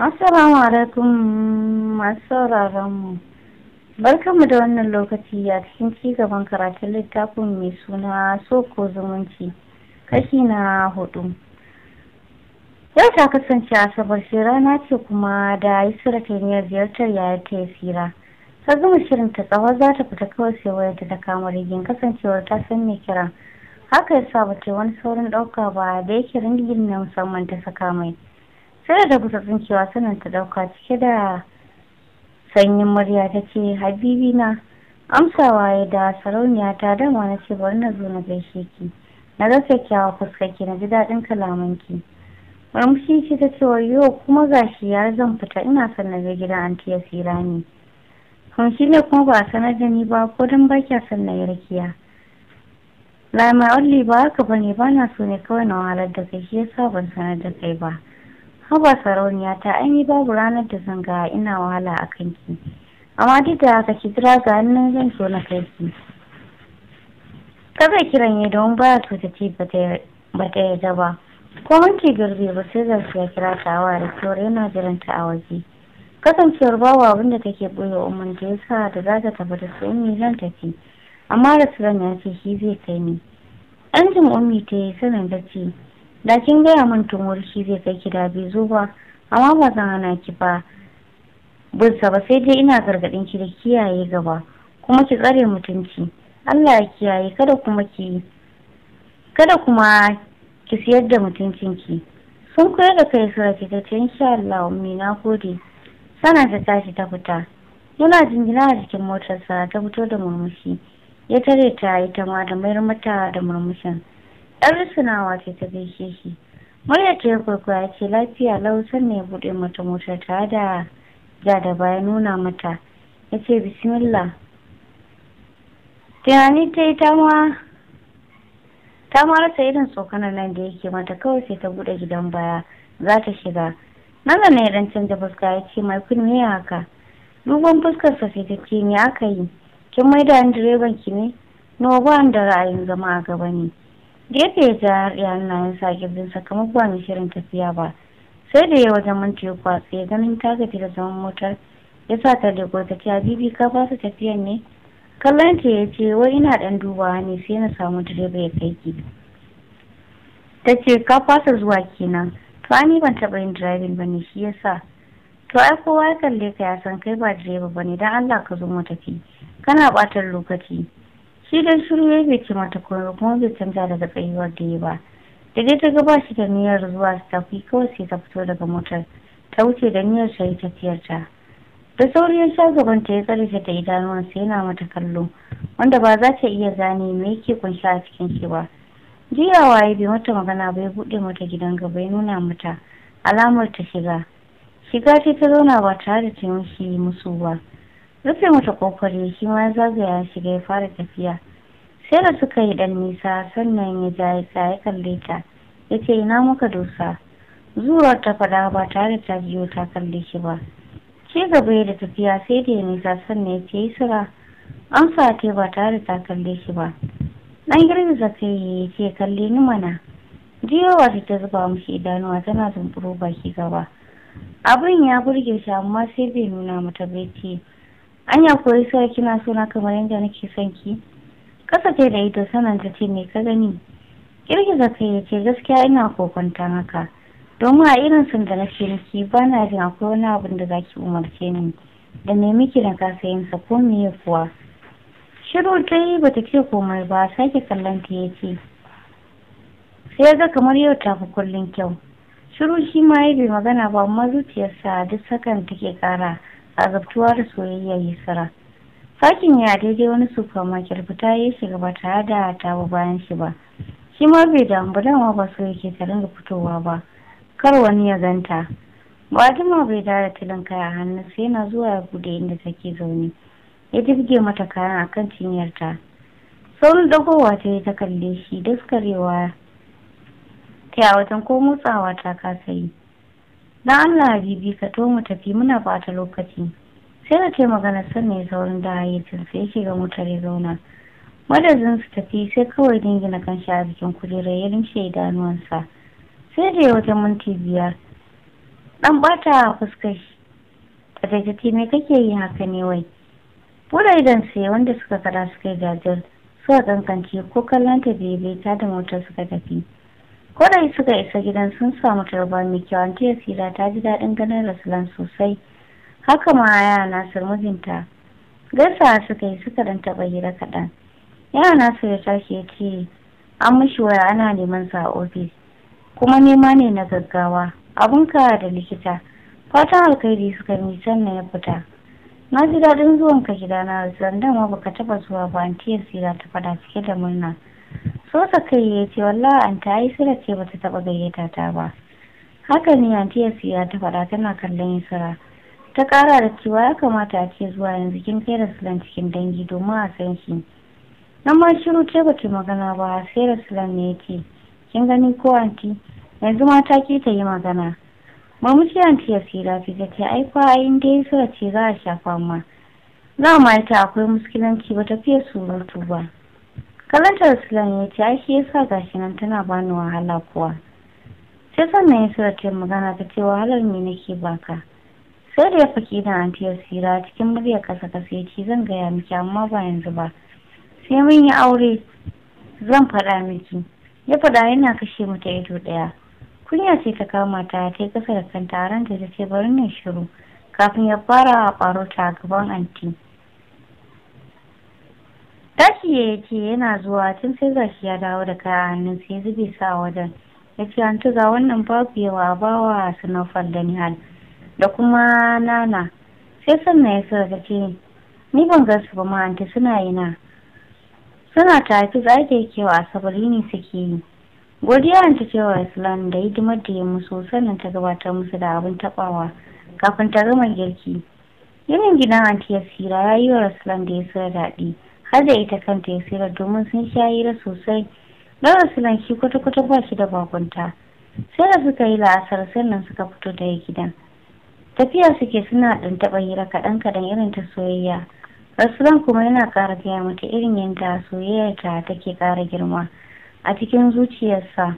Assalamu alaikum masu sauraronmu. mu. Barkanmu da wannan lokaci a cikin ci gaban karatun littafin mai suna Soko Zumunci, kashi na hudu. Yau ta kasance Asabar shira na ce kuma da yi ta niyyar ziyartar yayar ta Yasira. Ta zama shirin ta tsawon za ta fita kawai sai wayar ta kama rigin kasancewar ta san mai kira. Haka yasa ba wani saurin ɗauka ba da yake ringin na musamman ta saka mai. sai da kusa tsinkewa sanin ta dauka cike da sanyin murya ta ce habibi na amsawa ya da sarauniya ta dama na ce bari na zo na gaishe ki na ga kyawa fuskaki na ji daɗin kalamanki murmushi ce ta ce yau kuma gashi ya zan fita ina son na je gidan anti ya sira ne kun shi ne kuma ba sanar da ni ba ko don ba kya son na yi rakiya lamar olli ba haka ba ne ba na so ne kawai na wahalar da kai shi yasa ban sanar da kai ba haba sarauniya ta an yi babu ranar da zan ga ina wahala a kanki amma duk da haka ki jira ga hannun zan so na kai ki kaza kiran ya don ba so ta ce ba ta yarda ba ko hanci, garbe ba sai zan ya kira ta a da kyau yana jiran ta a waje kasancewar babu abin da take boye umar da ya sa da za ta tafi da su ummi zan tafi amma da zan ya ce shi zai kai ni an jin ummi ta yi sanin da ce da kin gaya min tun shi zai kai ki da bai zo ba amma ba zan hana ki ba binsa ba sai dai ina gargaɗin ki da kiyaye gaba kuma ki tsare mutunci Allah ya kiyaye kada kuma ki kada kuma ki siyar da ki. sun koyar da kai sarki ta ce insha Allah ummi na gode sana ta tashi ta fita yana jingina a jikin motarsa ta fito da murmushi ya tare ta ta ma da mayar mata da murmushin 'yar rusunawa ce ta gaishe shi murya ta kurkuwa ce lafiya lau sannan ya buɗe mata motar ta da ja da baya nuna mata ya ce bismillah tunani ta yi ta ma rasa irin tsokanar nan da yake mata kawai sai ta buɗe gidan baya za ta shiga nan da na ya dan canza fuska ya ce mai kun me haka duban fuskar sa sai ta ce me aka yi kin maida direban ki ne no ba da ra'ayin zama a gaba ne gefe ta ya hannayen sa kirjinsa kamar ba shirin tafiya ba sai da ya wajen minti uku a ganin ta gafi da zaman motar ya sa ta leko ta bibi ka ba su tafiyan ne kallon ta ya ce wai ina dan dubawa ne sai na samu direba ya kai ki ta ce ka fasa zuwa kenan to ani ban taɓa yin driving ba ne shi ya sa to ai kowa ya kalle ka ya san kai ba direba ba ne don allah ka zo mu tafi kana ɓatar lokaci shi dai shiru ya yi ce mata koyo kuma bai canza daga tsayuwar da ya ba da dai ta ga ba shi da niyyar zuwa su tafi kawai sai ta fito daga motar ta wuce da niyyar ta yi tafiyar ta da sauri ya sha gaban ta ya tsare ta da idanuwansa yana mata kallo wanda ba za ta iya gane me yake kunshi a cikin shi ba jiya waye bai mata magana ba ya buɗe mata gidan gaba ya nuna mata alamar ta shiga shiga ce ta zauna ba tare da taimaki musu ba rufe mata kofar shi ma zagaya shiga ya fara tafiya sai da suka yi dan nisa sannan ya ja ya ya kalle ta ya ce ina muka dosa Zuwa ta fada ba tare ta biyo ta kalle shi ba ci gaba da tafiya sai da ya nisa sannan ya ce yi sura an sate ba tare ta kalle shi ba dan ta kai ya ce kalle ni mana jiyowa ta ta zuba mushi idanuwa tana zumburo baki gaba abin ya burge shi amma sai bai nuna mata bai ce anya koyi sai kina so kamar yadda nake son ki kasa ce da ido sanan ta ce me ka gani kirgiza kai ya ce gaskiya ina kokonta maka domin a irin sun da nake niki ba na jin akwai wani abin da ki umarce ni da me miki na kasa yin sa ko me kuwa shiru dai bata ce komai ba sake kallon ta ya ce sai ga kamar yau ta fi kullum kyau shiru shi ma ya bai magana ba amma zuciyarsa duk sakan take kara azabtuwa da soyayya ya sara Sakin ya daidai wani supermarket fita ya shiga ba tare da ta ba bayan shi ba shi ma bai da ba dama ba so yake ta ringa fitowa ba kar wani ya ganta Fatima bai da tilin kaya hannu sai yana zuwa ya bude inda take zaune ya jirge mata kayan akan cinyarta saurin dagowa ta yi ta kalle shi daskarewa ta wajen ko motsawa ta kasa yi na Allah bibi ka to mu tafi muna bata lokaci sai na ce magana san ne saurin da ce sai yake ga motar ya zauna madazin su tafi sai kawai dingina kan shi a bikin kujerar ya rinse idanuwansa sai da ya wata minti biyar dan bata fuskar shi a ce me kake yi haka ne wai wurai idan sai wanda suka kara suka yi gajiyar suka kankance ko kallon ta bebe ta da motar suka tafi ko suka isa gidan sun samu tarbar mai kyau an sila ta ji daɗin ganin rasulan sosai haka ma yana nasir mijinta gasa suka yi suka dan taɓa hira kaɗan ya nasir ya tashi ya ce an mishi waya ana neman sa a ofis kuma nema ne na gaggawa abun ka da likita fatan alkhairi suka yi sannan ya fita na ji daɗin zuwanka gidana zan dama baka taɓa zuwa ba an sila ta fada cike da murna sosa kai ya ce wallahi an ta yi sura ce ba ta taba gayyata ta ba haka ne anti ya ta faɗa tana kallon yusra ta ƙara da cewa ya kamata a ce zuwa yanzu kin kai da sulan cikin dangi domin a san shi nan ma shiru ce ba ta magana ba sai da sulan ne ya ce kin gani ko anti yanzu ma ta ki ta yi magana mamuci anti yasira ta ce ai kwa inda sura ce za a shafa ma za ma ita akwai muskilanci ba ta fiye surutu ba kalantar sulan ya ce ai shi yasa gashi nan tana bani wahala kuwa sai sannan ya sura ce magana ta ce wahalar me nake baka sai da ya faki da antiyar sira cikin murya kasa kasa ya ce zan gaya miki amma ba yanzu ba sai mun yi aure zan faɗa miki ya faɗa yana kashe mata ido ɗaya kunya ce ta kama ta ta kasa da kanta a ranta ta ce bari ne shiru kafin ya fara a ɓaro ta gaban anti. tashi ya ce yana zuwa tun sai gashi ya dawo da kaya hannun sai zube sa wajen ya ce an tuga wannan babu yawa bawa sinofar da hal da kuma nana sai sannan ya sa ce ni ban gansu ba ma'anta suna yana suna tafi zage kewa asabar ne suke yi godiya ta cewa islam da hidimar da ya musu sannan ta gabatar musu da abin tabawa kafin ta gama girki irin gidan anti yasira ya yi wa islam da ya sa daɗi har da ita kanta ya sayar domin sun sha hira sosai don rasulan shi kwata-kwata ba shi da bakunta sai da suka yi la'asar sannan suka fito da gidan tafiya suke suna ɗan taɓa hira kaɗan-kaɗan irin ta soyayya rasulan kuma yana ƙara gaya mata irin yadda soyayyar ta take ƙara girma a cikin zuciyarsa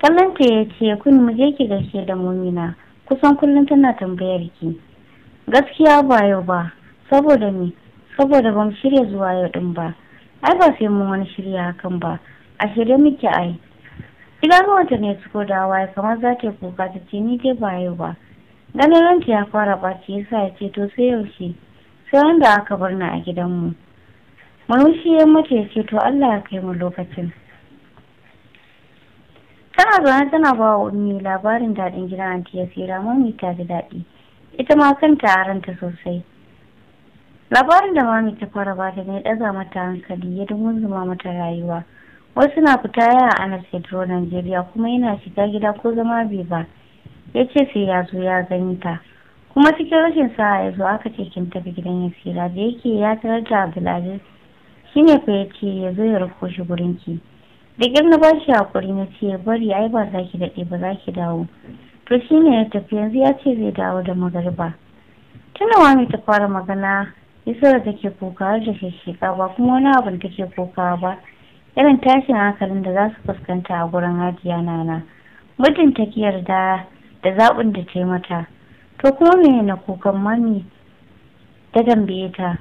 kallon ya ce kun mu je ki gaishe da mumina kusan kullum tana tambayar ki gaskiya ba yau ba saboda ni. saboda ban shirya zuwa yau din ba ai ba sai mun wani shirya hakan ba a shirye muke ai wata ne suko da ya kamar za ta kuka ta ce ni dai ba yau ba ganin ranta ya fara ɓaci ya sa ya ce to sai yaushe sai wanda aka bar ni a gidanmu murmushi ya mace ya ce to Allah ya kai mu lokacin tana zaune tana ba wa wani labarin daɗin gidan anti ya sira ta daɗi ita ma kanta a ranta sosai labarin da mami ta fara ta ne ɗaga mata hankali ya zuma mata rayuwa wasu na fita a anas cetro najeriya kuma yana shiga gida ko zama bai ba ya ce sai ya zo ya gani ta kuma cikin rashin sa'a ya zo aka ce kin tafi gidan ya tsira. da yake ya tarar da abdulaziz shine fa ya ce ya zo ya rako shi gurin ki da ƙyar na bashi hakuri na ce bari ai ba za ki daɗe ba za ki dawo to shine ya tafi yanzu ya ce zai dawo da magariba tunawa mai ta fara magana yasa da take kuka da shishika ba kuma wani abin take kuka ba irin tashin hankalin da za su fuskanta a gurin hajiya nana muddin ta ki yarda da zaɓin da ta mata to kuma me na kukan mami ta tambaye ta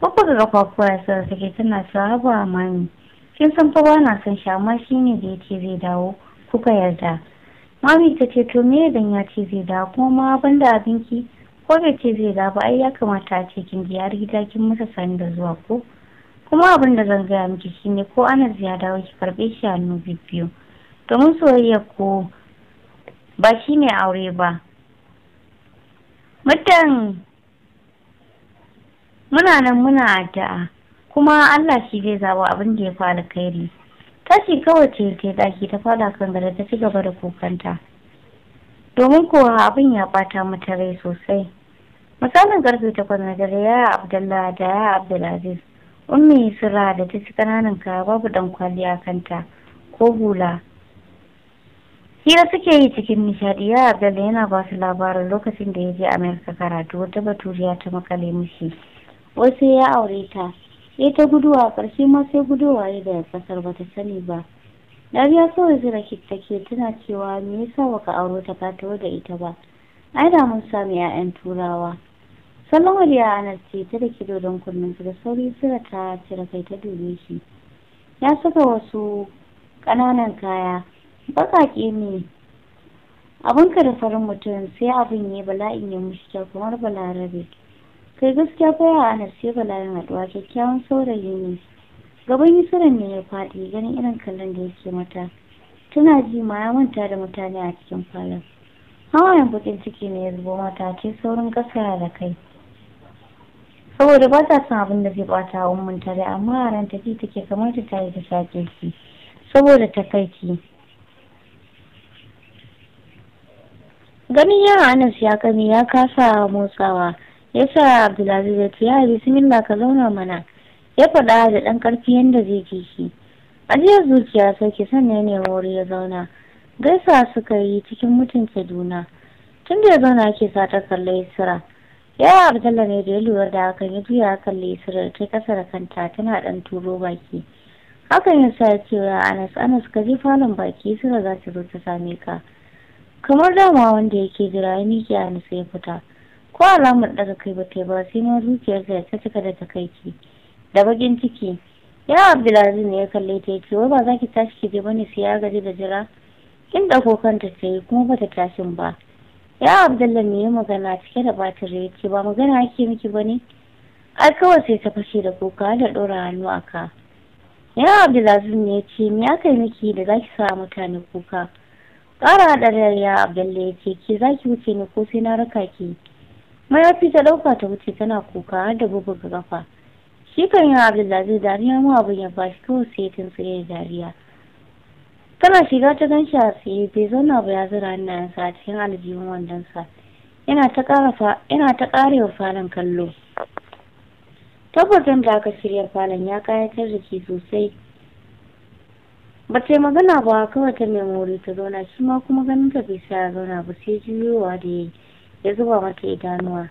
bakwai ga kwakuwa ya sa take tana cewa a mami kin san fa ba na son shi amma shi ne da ya ce zai dawo kuka yarda mami ta ce to me dan ya ce zai dawo kuma ma da abinki ko bai ce zai zaba ai ya kamata a ce kin gidajen har gida kin masa sani da zuwa ko kuma abin da zan gaya miki shine ko ana ya dawo ki karɓe shi hannu biyu domin soyayya ko ba shi ne aure ba mutan muna nan muna addu'a kuma Allah shi zai zaba abin da ya fi alkhairi tashi kawai ce ta daki ta fada kan gada ta ci gaba da kokanta. domin kuwa abin ya bata mata rai sosai misalin karfe takwas na dare ya abdullah da ya abdulaziz ummi sura da ta ci kananan kaya babu dan a kanta ko hula hira suke yi cikin nishadi ya abdalla yana ba su labarin lokacin da ya je amerika karatu wata baturiya ta makale mushi wasu ya aure ta ya ta guduwa ƙarshe ma sai guduwa ya da kasar bata sani ba dariya kawai zira take tana cewa me yasa baka aure ta fata da ita ba ai da mun sami 'ya'yan turawa salon ya anarce ta da kido don kunnen da sauri sira ta cire kai ta dube shi ya saka wasu ƙananan kaya baƙaƙe ne abinka da farin mutum sai abin yi bala'in ya mushi kamar balarabe kai gaskiya fa ya sai bala'in haɗuwa kyakkyawan saurayi ne gaban yusran ne ya faɗi ganin irin kallon da yake mata tana ji ma ya manta da mutane a cikin falon hawayen bakin ciki ne ya zubo mata ce saurin kasa da kai saboda ba ta son abin da zai bata wa umman tare amma ran ta take kamar ta tare da sake shi saboda ki ganin yaro anas ya kame ya kasa motsawa ya yasa abdulaziz ya ce ya bismillah ka zauna mana ya faɗa da ɗan ƙarfi yadda zai ji shi ajiyar zuciya sauke sannan ne wuri ya zauna gaisa suka yi cikin mutunta juna tun da ya zauna ake sa ta kalle ya yi abdalla ne da ya lura da hakan ya juya kalle da ta kasa da kanta tana ɗan turo baki hakan ya sa cewa anas anas ka je falon baki sura za ta zo ta same ka kamar dama wanda yake jira ya miƙe anas ya fita ko alamar ɗaga kai ba ta yi ba sai ma zuciyarsa ta cika da takaici. da bakin ciki ya abdulaziz ne ya kalle ta yace wai ba za ki tashi ki je ne sai ya gaji da jira kin dauko kanta ta yi kuma ta tashi ba ya abdullahi ne ya magana cike da batir ya ce ba magana ake miki ba ne? ai kawai sai ta fashe da kuka da ɗora hannu a ka ya abdulaziz ne ya ce me aka yi miki da za ki sa mutane kuka ƙara da ya abdullahi ya ce ki za ki wuce ni ko sai na raka ki mayafi ta ɗauka ta wuce tana kuka har da bubuga kafa shi kan yi dariya ma abin ya fashi kawai sai tun tsaye da dariya tana shiga ta gan shi a tsaye bai zauna ba ya zura hannayensa a cikin aljihun wandonsa yana ta karewa falon kallo tabbatar da aka shirya falon ya kayatar da ke sosai ba ta magana ba kawai ta memori ta zauna shi ma kuma ganin ta bai sa zauna ba sai juyowa da ya zuba mata idanuwa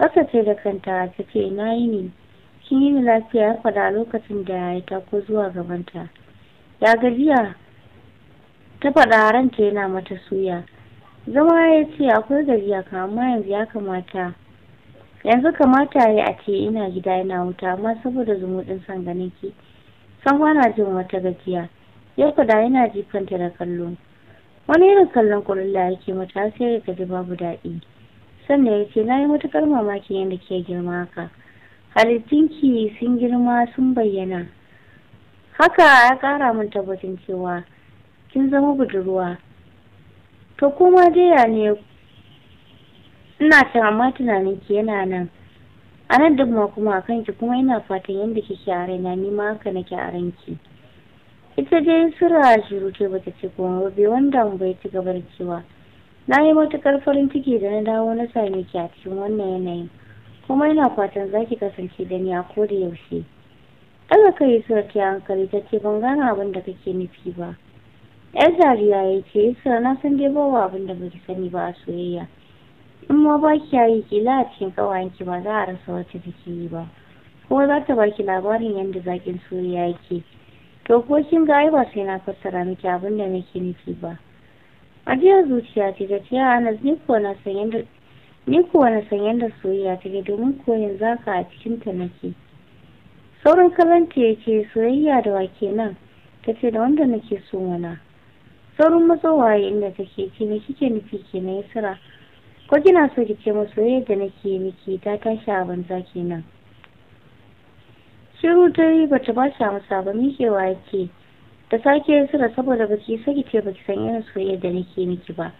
ƙasa ce da kanta ta ce na yi ne kin yi lafiya ya faɗa lokacin da ya tako zuwa gabanta ya gajiya ta faɗa ranta yana mata suya zama ya ce akwai gajiya ka amma yanzu ya kamata yanzu kamata ya a ce ina gida yana wuta amma saboda zumuɗin san ganin ki san kwana jin wata gajiya ya faɗa yana jifanta da kallo wani irin kallon kurulla yake mata sai ya gaji babu daɗi sannan ya ce na yi matuƙar mamakin yadda ke girma haka halittunki sun girma sun bayyana haka ya kara min tabbatin cewa kin zama budurwa to kuma daya ne ina cin, amma tunanin ki yana nan a nan duk ma kuma akan ki kuma ina fatan yadda kike a raina ni ma haka nake a ranki ita dai sura shiru ce bata ce kuma ba wanda mu bai ci gaba da cewa na yi matukar farin ciki da na dawo na same ki a cikin wannan yanayin kuma yana fatan za ki kasance da ni a koda yaushe ɗaga yi sarki hankali ta ce ban gane abin da kake nufi ba yar zariya ya ce isra na san dai bawa abin da baki sani ba a soyayya in ma ba ki yi kila a cikin ki ba za a rasa wacce take yi ba kuma za ta baki labarin yadda zakin soyayya yake to ko kin ga ai ba sai na fassara miki abin da nake nufi ba a jiya zuciya ce ta ce a anas ni ko na san yadda ni kuwa na san yadda soyayya take domin kuwa yanzu haka a cikin ta nake saurin ya ke soyayya da wake nan ta ce da wanda nake so mana saurin matsowa inda take ce ne kike nufi na yasira ko kina so ki ce masu yadda nake miki ta tashi a banza nan? shiru ta yi bata ba shi masa ba miƙewa wake da sake sura saboda baki saki ce ba ki san yana soyayya da nake miki ba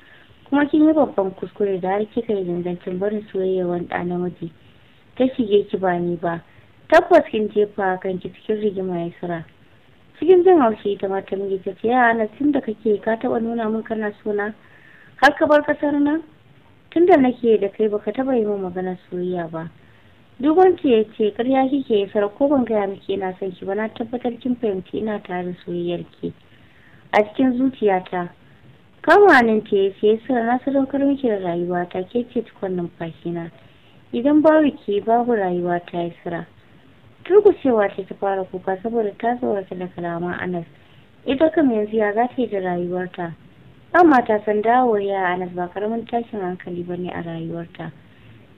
kuma kin yi babban kuskure da har kika yi zanzancin barin soyayyawan ɗa na namiji ta shige ki ba ni ba tabbas kin jefa ki cikin rigima ya sura. cikin jin haushi ita ma ta miji ta ce ya ana tun da kake ka taɓa nuna min kana suna har ka bar kasar nan tun da nake da kai baka taɓa yi min maganar soyayya ba duban ki ya ce karya kike ya sara ko ban gaya miki ina son ki ba na tabbatar kin fahimci ina tare soyayyar ki a cikin zuciyata kamanin ta ya ce na sadaukar miki da rayuwa ta ke ce tukwan numfashi na idan babu ke babu rayuwa ta yi sira cewa ce ta fara kuka saboda ta tsorata da kalama anas ita kam yanzu ya za yi da rayuwarta dan ta san dawo ya anas ba karamin tashin hankali ba ne a rayuwarta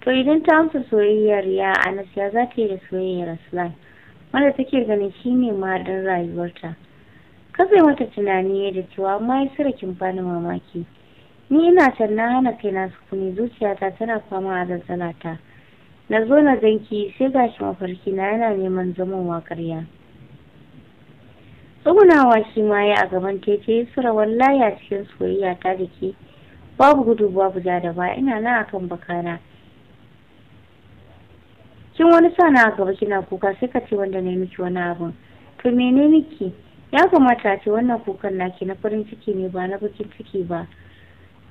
to idan ta amsa soyayyar ya anas ya za yi da soyayyar aslan wanda take ganin shi shine dan rayuwarta katse mata tunani ya da cewa amma ya kin bani mamaki ni ina can na hana kaina sukuni zuciyata tana fama a zanzana ta na zo na ganki sai gashi mafarki na yana neman zaman karya tsugunawa shi ma ya a gaban tece sura wallahi a cikin soyayya ta da ke babu gudu babu ja da ba ina nan akan bakana kin wani sana a gaba kina kuka sai ka ce wanda na yi miki wani abun to mene miki ya kamata ce wannan kukan naki na farin ciki ne ba na bakin ciki ba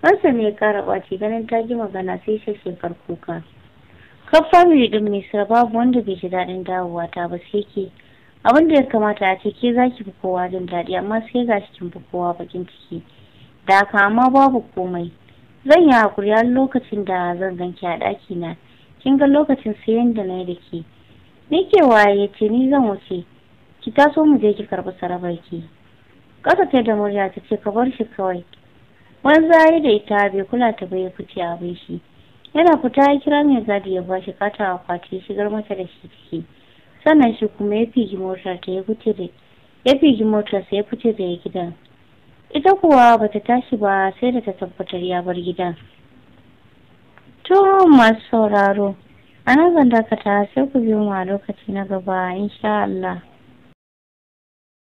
kansa ne ya kara ɓaci ganin ta ji magana sai shekar kuka kan family din mai babu wanda bai ji daɗin dawowa ta ba sai ke abin da ya kamata a ce ke za ki fi kowa jin daɗi amma sai ga shi kin fi kowa bakin ciki da aka amma babu komai zan yi hakuri har lokacin da zan gan ki a ɗaki na kin ga lokacin sayan da na yi da ke ni ke waye ce ni zan wuce ki taso mu je ki karɓi sarabar ki ƙasa ta da murya ta ce ka bar shi kawai wani zai da ita bai kula ta bai fice bai shi yana fita ya kira mai gadi ya bashi kata a kwati ya shigar mata da shi ciki sannan shi kuma ya fige motar ta ya fice da ya fige motar sa ya fice da ya gidan ita kuwa bata tashi ba sai da ta tabbatar ya bar gidan to masu sauraro a nan zan dakata sai ku biyo mu a lokaci na gaba insha Allah